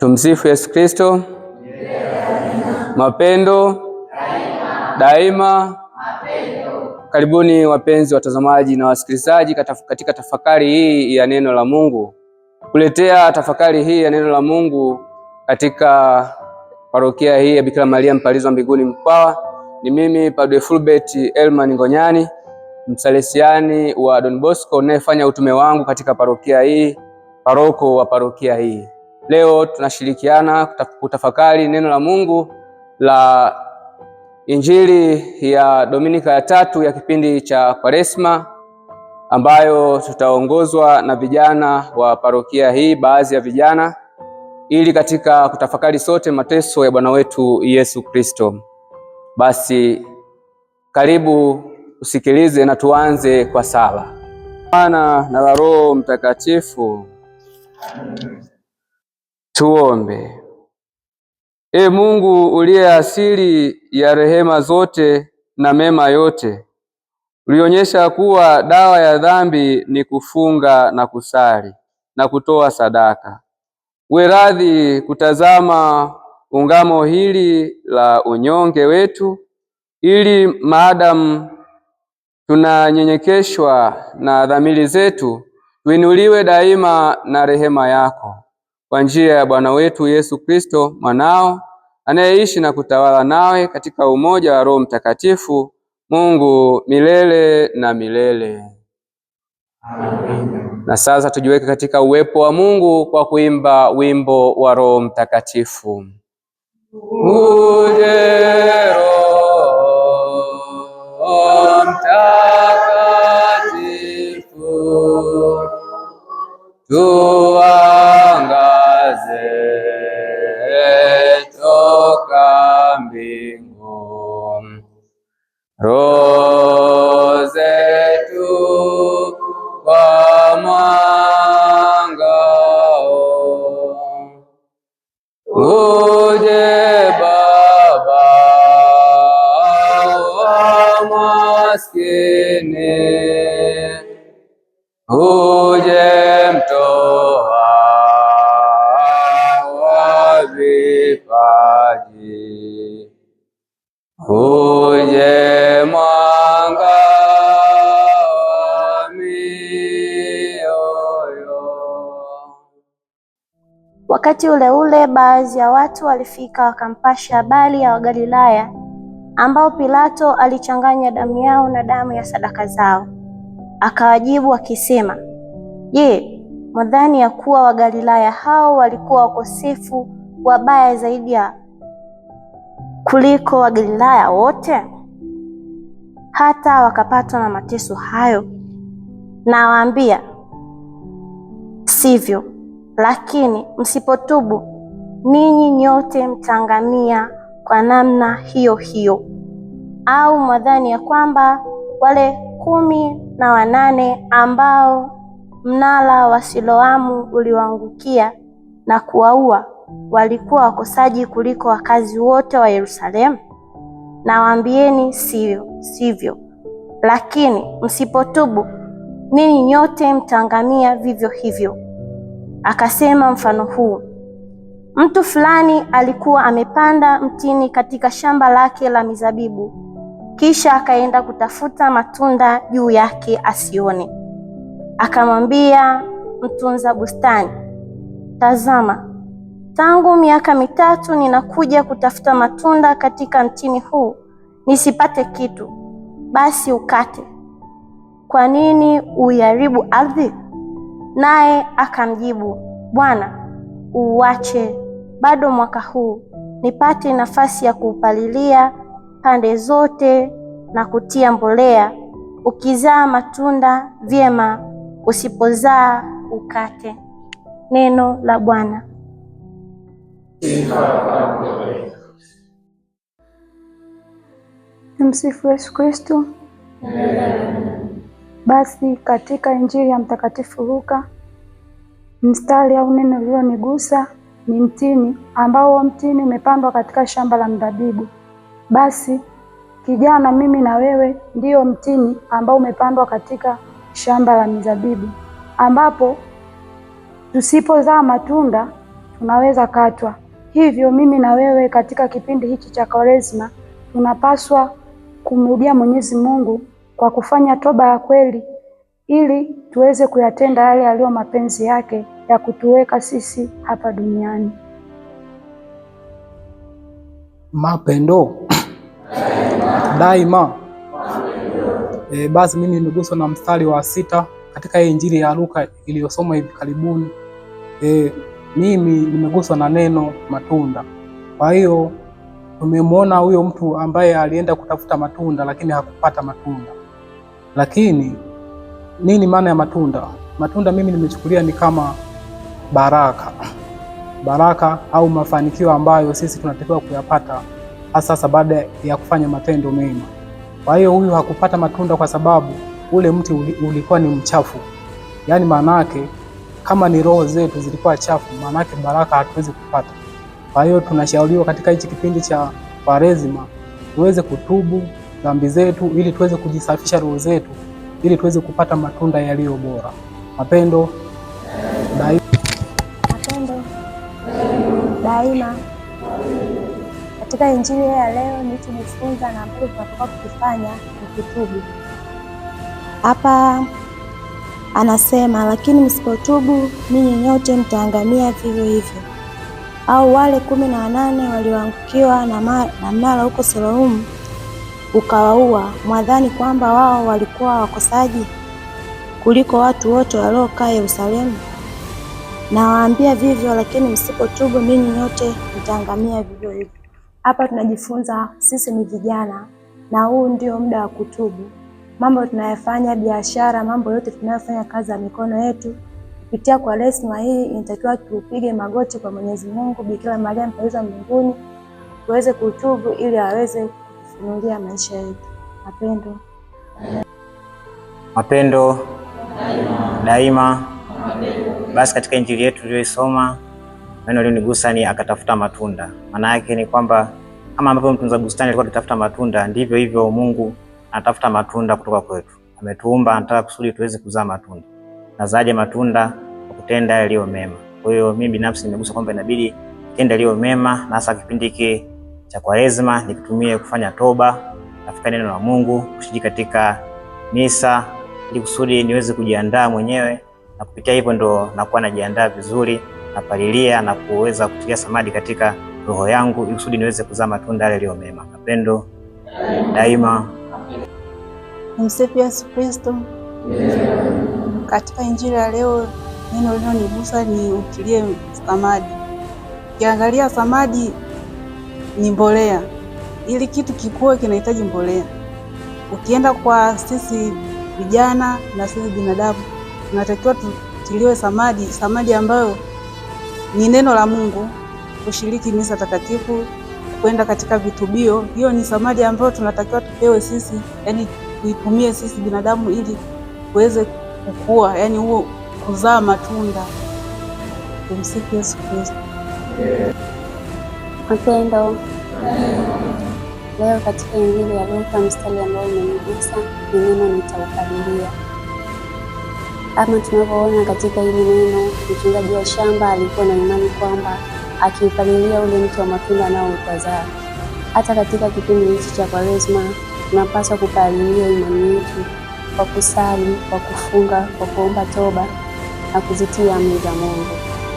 Tumsifu Yesu Kristo. Mapendo daima, daima. Mapendo. Karibuni wapenzi watazamaji na wasikilizaji katika tafakari hii ya neno la Mungu. Kuletea tafakari hii ya neno la Mungu katika parokia hii ya Bikira Maria Mpalizwa Mbinguni Mkwawa ni mimi Padre Fulbert Elman Ngonyani msalesiani wa Don Bosco, nayefanya utume wangu katika parokia hii, paroko wa parokia hii. Leo tunashirikiana kutafakari neno la Mungu la Injili ya Dominika ya tatu ya kipindi cha Kwaresma ambayo tutaongozwa na vijana wa parokia hii, baadhi ya vijana, ili katika kutafakari sote mateso ya Bwana wetu Yesu Kristo. Basi karibu usikilize na tuanze kwa sala. Bwana na la Roho Mtakatifu. Amen. Tuombe. Ee Mungu uliye asili ya rehema zote na mema yote, ulionyesha kuwa dawa ya dhambi ni kufunga na kusali na kutoa sadaka, uwe radhi kutazama ungamo hili la unyonge wetu, ili maadamu tunanyenyekeshwa na dhamiri zetu tuinuliwe daima na rehema yako kwa njia ya Bwana wetu Yesu Kristo mwanao anayeishi na kutawala nawe katika umoja wa Roho Mtakatifu, Mungu milele na milele. Amen. Na sasa tujiweke katika uwepo wa Mungu kwa kuimba wimbo wa Roho Mtakatifu. Uje Roho Mtakatifu. mbingu rozetu kwa o uje Baba wa maskini uje mtoa wa vipaji Uje mwanga wa mioyo. Wakati ule ule, baadhi ya watu walifika wakampasha habari ya Wagalilaya ambao Pilato alichanganya damu yao na damu ya sadaka zao. Akawajibu akisema, Je, mwadhani ya kuwa Wagalilaya hao walikuwa wakosefu wabaya zaidi ya kuliko Wagalilaya wote? Hata wakapatwa na mateso hayo? Nawaambia, sivyo! Lakini msipotubu, ninyi nyote mtaangamia kwa namna hiyo hiyo. Au mwadhani ya kwamba wale kumi na wanane ambao mnala wa Siloamu uliwaangukia na kuwaua walikuwa wakosaji kuliko wakazi wote wa Yerusalemu? Nawaambieni sivyo, sivyo. Lakini msipotubu ninyi nyote mtaangamia vivyo hivyo. Akasema mfano huu: mtu fulani alikuwa amepanda mtini katika shamba lake la mizabibu, kisha akaenda kutafuta matunda juu yake asione. Akamwambia mtunza bustani, tazama Tangu miaka mitatu ninakuja kutafuta matunda katika mtini huu, nisipate kitu. Basi ukate, kwa nini uiharibu ardhi? Naye akamjibu, Bwana, uuache bado mwaka huu, nipate nafasi ya kuupalilia pande zote na kutia mbolea. Ukizaa matunda vyema, usipozaa ukate. Neno la Bwana. Msifu Yesu Kristo. Basi katika Injili ya Mtakatifu Luka mstari au neno lililonigusa ni mtini, ambao huo mtini umepandwa katika shamba la mzabibu. Basi kijana, mimi na wewe ndiyo mtini ambao umepandwa katika shamba la mizabibu, ambapo tusipozaa matunda tunaweza katwa Hivyo mimi na wewe katika kipindi hichi cha Kwaresma tunapaswa kumrudia Mwenyezi Mungu kwa kufanya toba ya kweli ili tuweze kuyatenda yale yaliyo mapenzi yake ya kutuweka sisi hapa duniani. Mapendo daima. E, basi mimi nimeguswa na mstari wa sita katika Injili ya Luka iliyosoma hivi karibuni e, mimi nimeguswa na neno matunda. Kwa hiyo tumemwona huyo mtu ambaye alienda kutafuta matunda lakini hakupata matunda. Lakini nini maana ya matunda? Matunda mimi nimechukulia ni kama baraka, baraka au mafanikio ambayo sisi tunatakiwa kuyapata hasa sasa baada ya kufanya matendo mema. Kwa hiyo huyu hakupata matunda kwa sababu ule mti ulikuwa ni mchafu, yaani maana yake kama ni roho zetu zilikuwa chafu, maanake baraka hatuwezi kupata. Kwa hiyo tunashauriwa katika hichi kipindi cha Kwaresima tuweze kutubu dhambi zetu, ili tuweze kujisafisha roho zetu, ili tuweze kupata matunda yaliyo bora, mapendo daima, mapendo daima. Katika injili ya leo ni tujifunza na mbili kwa kukifanya ni kutubu hapa Anasema, lakini msipotubu ninyi nyote mtaangamia vivyo hivyo. Au wale kumi na wanane walioangukiwa na mnara huko Sodoma ukawaua, mwadhani kwamba wao walikuwa wakosaji kuliko watu wote waliokaa Yerusalemu? Nawaambia vivyo, lakini msipotubu ninyi nyote mtaangamia vivyo hivyo. Hapa tunajifunza sisi ni vijana, na huu ndio muda wa kutubu mambo tunayofanya biashara, mambo yote tunayofanya, kazi ya mikono yetu kupitia kwa lesma hii, inatakiwa tupige magoti kwa Mwenyezi Mungu, Bikira Maria mpenzi mbinguni, tuweze kutubu ili aweze kufunulia maisha yetu. Mapendo mapendo daima, daima. Basi katika injili yetu tuliyoisoma neno lilonigusa ni akatafuta matunda. Maana yake ni kwamba kama ambavyo mtunza bustani alikuwa akitafuta matunda, ndivyo hivyo Mungu anatafuta matunda kutoka kwetu. Ametuumba, anataka kusudi tuweze kuzaa matunda na zaaje matunda kwa kutenda yaliyo mema. Kwa hiyo mimi binafsi nimegusa kwamba inabidi tenda yaliyo mema, na hasa kipindi hiki cha Kwaresma nikitumie kufanya toba, nafika neno la Mungu, kushiriki katika misa ili kusudi niweze kujiandaa mwenyewe, na kupitia hivyo ndo nakuwa najiandaa vizuri, napalilia na kuweza kutia samadi katika roho yangu ili kusudi niweze kuzaa matunda yale yaliyo mema. Mapendo daima Msifu Yesu Kristo. Katika injili ya leo neno lilonigusa ni utilie samadi. Ukiangalia samadi ni mbolea, ili kitu kikuwe kinahitaji mbolea. Ukienda kwa sisi vijana na sisi binadamu, tunatakiwa tutiliwe samadi, samadi ambayo ni neno la Mungu, kushiriki misa takatifu, kwenda katika vitubio. Hiyo ni samadi ambayo tunatakiwa tupewe sisi, yani kuitumia sisi binadamu ili uweze kukua, yani huo kuzaa matunda. Tumsifu Yesu Kristo. Mapendo leo katika Injili ya Luka mstari ambao umenigusa ni neno nitaukadiria. Ama tunavyoona katika hili neno, mchungaji wa shamba alikuwa na imani kwamba akiupalilia ule mti wa matunda nao utazaa. Hata katika kipindi hichi cha Kwaresma tunapaswa kupalilia imani yetu kwa kusali, kwa kufunga, kwa kuomba toba na kuzitia amri za Mungu.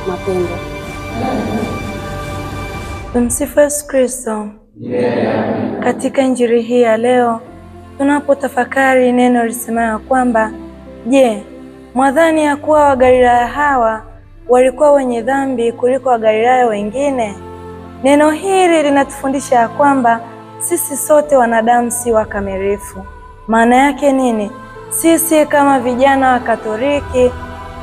Mapendo. Tumsifu Yesu Kristo. Yeah. Katika Injili hii ya leo tunapotafakari neno lisemayo kwamba je, mwadhani ya kuwa Wagalilaya hawa walikuwa wenye dhambi kuliko Wagalilaya wengine? Neno hili linatufundisha ya kwamba sisi sote wanadamu si wakamilifu. Maana yake nini? Sisi kama vijana wa Katoliki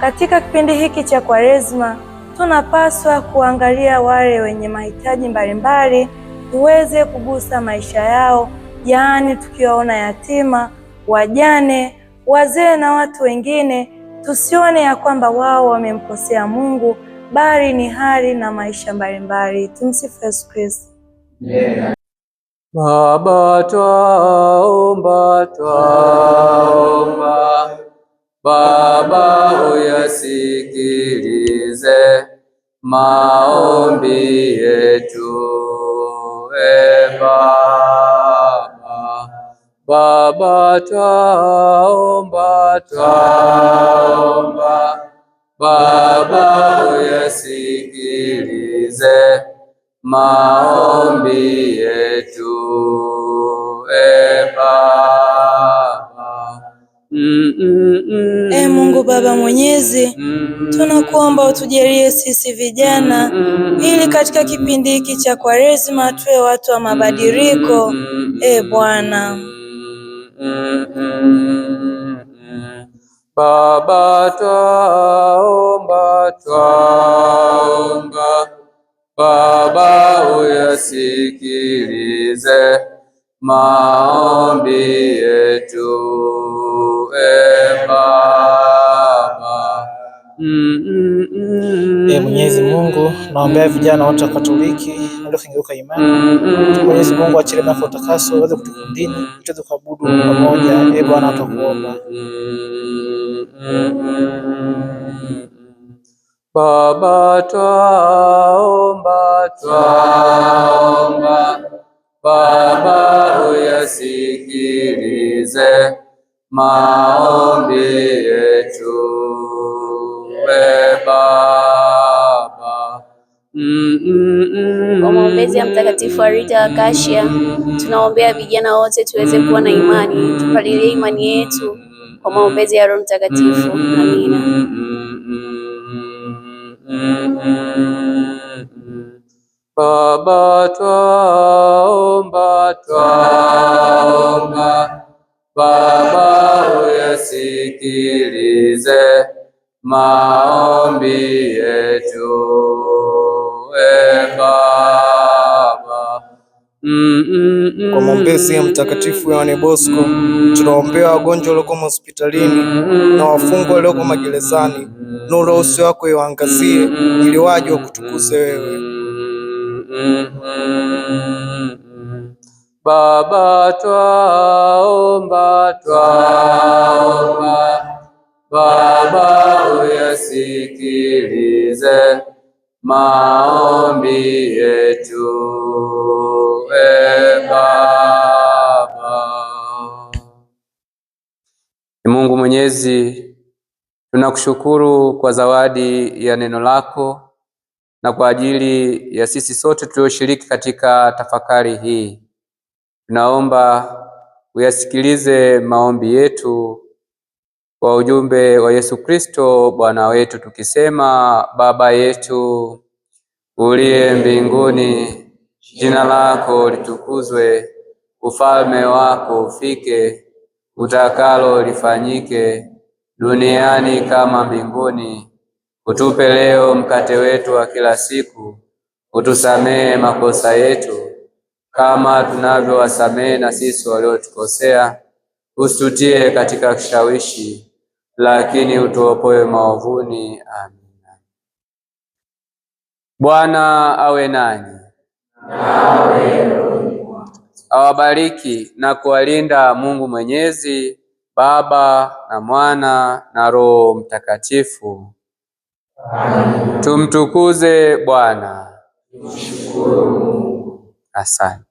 katika kipindi hiki cha Kwaresma tunapaswa kuangalia wale wenye mahitaji mbalimbali, tuweze kugusa maisha yao, yaani tukiwaona yatima, wajane, wazee na watu wengine, tusione ya kwamba wao wamemkosea Mungu, bali ni hali na maisha mbalimbali. Tumsifu Yesu Kristo. Yeah. Baba, twaomba twaomba, Baba uyasikilize maombi yetu. E Baba, Baba twaomba twaomba, Baba uyasikilize maombi yetu yetu e Baba. mm -mm. E Mungu Baba Mwenyezi, tunakuomba utujalie sisi vijana ili katika kipindi hiki cha Kwaresima tuwe watu wa mabadiliko. E Bwana Baba, twaomba twa Baba uyasikilize maombi yetu, e Baba. E Mwenyezi Mungu, naombea vijana wote wa Katoliki waliokengeuka imani. Mwenyezi Mungu achilie nafasi utakaso uweze kutukuka dini, tuweze kuabudu pamoja. E Bwana, tutakuomba Baba, twaomba, twaomba. Baba, uyasikilize maombi yetu. We Baba. Kwa maombezi ya Mtakatifu Rita wa Kashia, tunaombea vijana wote tuweze kuwa na imani. Tupalilie imani yetu kwa maombezi ya Roho Mtakatifu. Amina. Baba, twaomba, twaomba, Baba uyasikilize maombi yetu. Mm-hmm. kwa maombezi ya Mtakatifu Yohane Bosco tunaombea wagonjwa walioko hospitalini na wafungwa walioko magerezani. Nuru uso wako iwaangazie ili waje wakutukuze wewe. Baba, twaomba twaomba, Baba uyasikilize maombi yetu Mwenyezi, tunakushukuru kwa zawadi ya neno lako na kwa ajili ya sisi sote tulioshiriki katika tafakari hii. Tunaomba uyasikilize maombi yetu kwa ujumbe wa Yesu Kristo Bwana wetu, tukisema: Baba yetu uliye mbinguni, jina lako litukuzwe, ufalme wako ufike utakalo lifanyike duniani kama mbinguni. Utupe leo mkate wetu wa kila siku, utusamehe makosa yetu kama tunavyowasamehe na sisi waliotukosea, usitutie katika kishawishi, lakini utuopoe maovuni. Amina. Bwana awe nanyi awabariki na kuwalinda Mungu Mwenyezi, Baba na Mwana na Roho Mtakatifu. Amen. Tumtukuze Bwana. Asante.